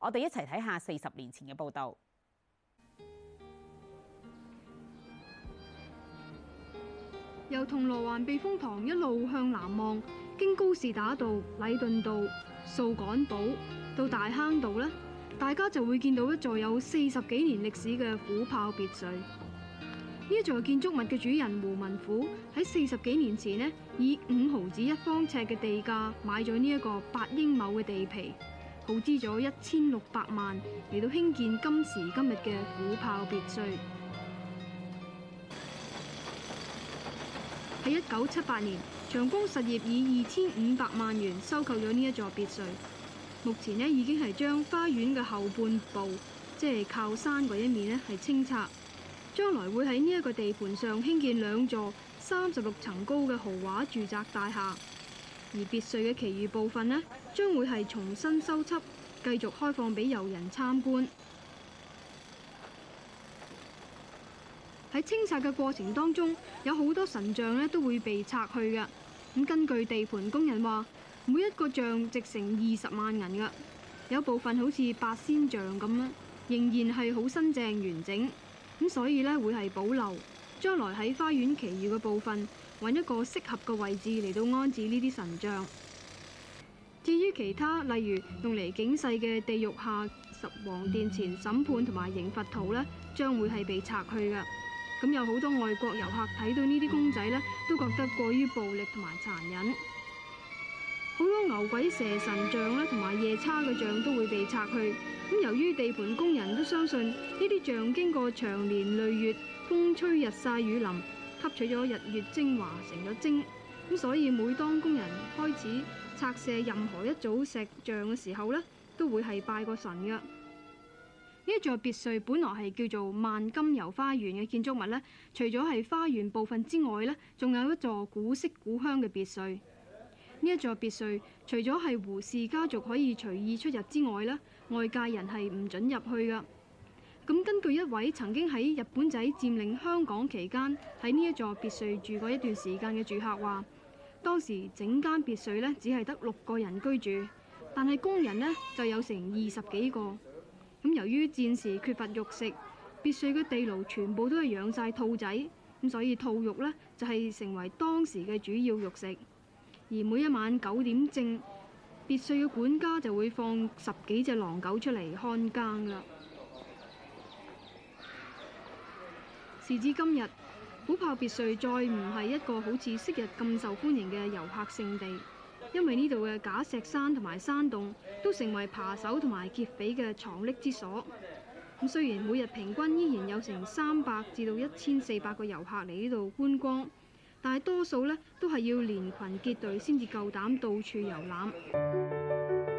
我哋一齊睇下四十年前嘅報道。由銅鑼灣避風塘一路向南望，經高士打道、禮頓道、掃桿埔到大坑道咧，大家就會見到一座有四十幾年歷史嘅虎豹別墅。呢一座建築物嘅主人胡文虎喺四十幾年前咧，以五毫子一方尺嘅地價買咗呢一個八英畝嘅地皮。投資咗一千六百萬嚟到興建今時今日嘅虎豹別墅。喺一九七八年，長江實業以二千五百萬元收購咗呢一座別墅。目前呢已經係將花園嘅後半部，即係靠山嗰一面呢係清拆，將來會喺呢一個地盤上興建兩座三十六層高嘅豪華住宅大廈。而別墅嘅其餘部分呢，將會係重新修葺，繼續開放俾遊人參觀。喺清拆嘅過程當中，有好多神像呢都會被拆去嘅。咁根據地盤工人話，每一個像值成二十萬銀㗎。有部分好似八仙像咁啦，仍然係好新淨完整，咁所以呢會係保留，將來喺花園其餘嘅部分。揾一個適合嘅位置嚟到安置呢啲神像。至於其他，例如用嚟警世嘅地獄下十王殿前審判同埋刑罰圖呢，將會係被拆去嘅。咁有好多外國遊客睇到呢啲公仔呢，都覺得過於暴力同埋殘忍。好多牛鬼蛇神像咧，同埋夜叉嘅像都會被拆去。咁由於地盤工人都相信呢啲像經過長年累月風吹日曬雨淋。吸取咗日月精華成咗精，咁所以每當工人開始拆卸任何一組石像嘅時候呢，都會係拜過神嘅。呢一座別墅本來係叫做萬金油花園嘅建築物呢，除咗係花園部分之外呢，仲有一座古色古香嘅別墅。呢一座別墅除咗係胡氏家族可以隨意出入之外呢，外界人係唔准入去噶。咁根據一位曾經喺日本仔佔領香港期間喺呢一座別墅住過一段時間嘅住客話，當時整間別墅呢只係得六個人居住，但係工人呢就有成二十幾個。咁由於戰時缺乏肉食，別墅嘅地牢全部都係養晒兔仔，咁所以兔肉呢就係成為當時嘅主要肉食。而每一晚九點正，別墅嘅管家就會放十幾隻狼狗出嚟看更㗎。時至今日，虎豹別墅再唔係一個好似昔日咁受歡迎嘅遊客勝地，因為呢度嘅假石山同埋山洞都成為扒手同埋劫匪嘅藏匿之所。咁雖然每日平均依然有成三百至到一千四百個遊客嚟呢度觀光，但係多數呢都係要連群結隊先至夠膽到處遊覽。